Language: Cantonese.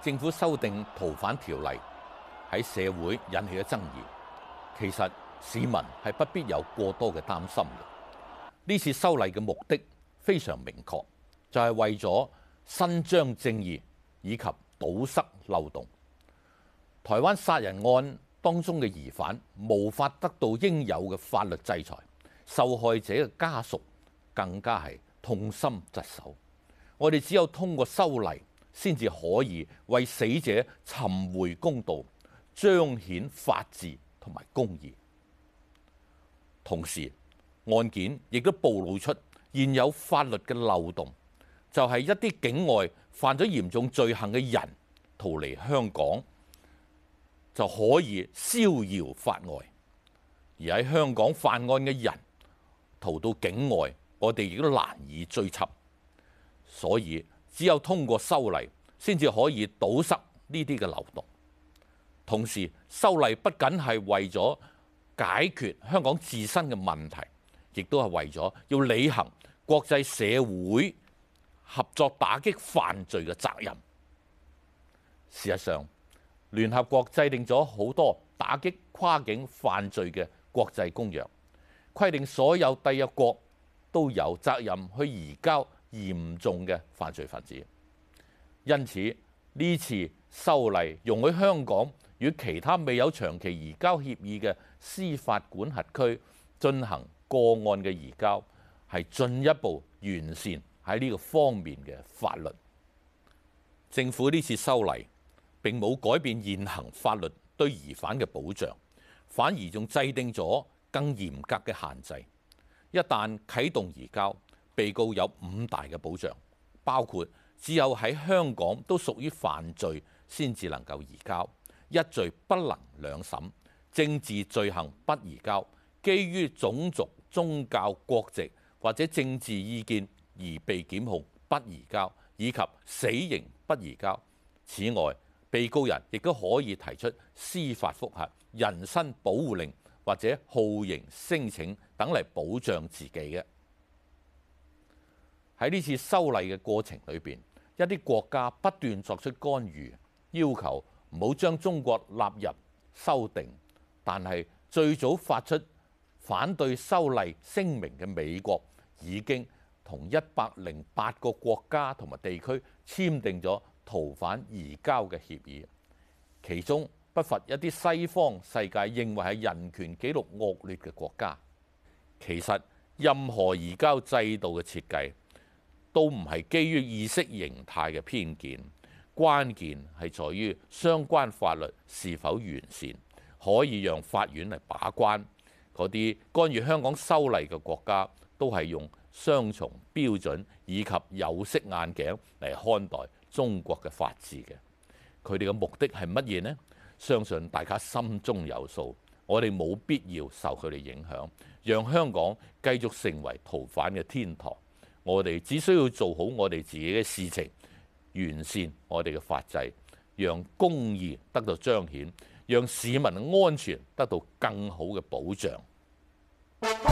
政府修訂逃犯條例喺社會引起咗爭議，其實市民係不必有過多嘅擔心的。呢次修例嘅目的非常明確，就係、是、為咗伸張正義以及堵塞漏洞。台灣殺人案當中嘅疑犯無法得到應有嘅法律制裁，受害者嘅家屬更加係痛心疾首。我哋只有通過修例，先至可以為死者尋回公道，彰顯法治同埋公義。同時，案件亦都暴露出現有法律嘅漏洞，就係一啲境外犯咗嚴重罪行嘅人逃離香港就可以逍遙法外，而喺香港犯案嘅人逃到境外，我哋亦都難以追緝。所以只有通過修例，先至可以堵塞呢啲嘅漏洞。同時，修例不僅係為咗解決香港自身嘅問題，亦都係為咗要履行國際社會合作打擊犯罪嘅責任。事實上，聯合國制定咗好多打擊跨境犯罪嘅國際公約，規定所有締約國都有責任去移交嚴重嘅犯罪分子，因此呢次修例容許香港與其他未有長期移交協議嘅司法管轄區進行個案嘅移交，係進一步完善喺呢個方面嘅法律。政府呢次修例並冇改變現行法律對疑犯嘅保障，反而仲制定咗更嚴格嘅限制。一旦啟動移交，被告有五大嘅保障，包括只有喺香港都屬於犯罪先至能夠移交，一罪不能兩審，政治罪行不移交，基於種族、宗教、國籍或者政治意見而被檢控不移交，以及死刑不移交。此外，被告人亦都可以提出司法複核、人身保護令或者酷刑申請等嚟保障自己嘅。喺呢次修例嘅過程裏邊，一啲國家不斷作出干預，要求唔好將中國納入修訂。但係最早發出反對修例聲明嘅美國，已經同一百零八個國家同埋地區簽訂咗逃犯移交嘅協議，其中不乏一啲西方世界認為係人權紀錄惡劣嘅國家。其實任何移交制度嘅設計，都唔係基於意識形態嘅偏見，關鍵係在於相關法律是否完善，可以讓法院嚟把關。嗰啲干預香港修例嘅國家都係用雙重標準以及有色眼鏡嚟看待中國嘅法治嘅。佢哋嘅目的係乜嘢呢？相信大家心中有數。我哋冇必要受佢哋影響，讓香港繼續成為逃犯嘅天堂。我哋只需要做好我哋自己嘅事情，完善我哋嘅法制，讓公義得到彰顯，讓市民安全得到更好嘅保障。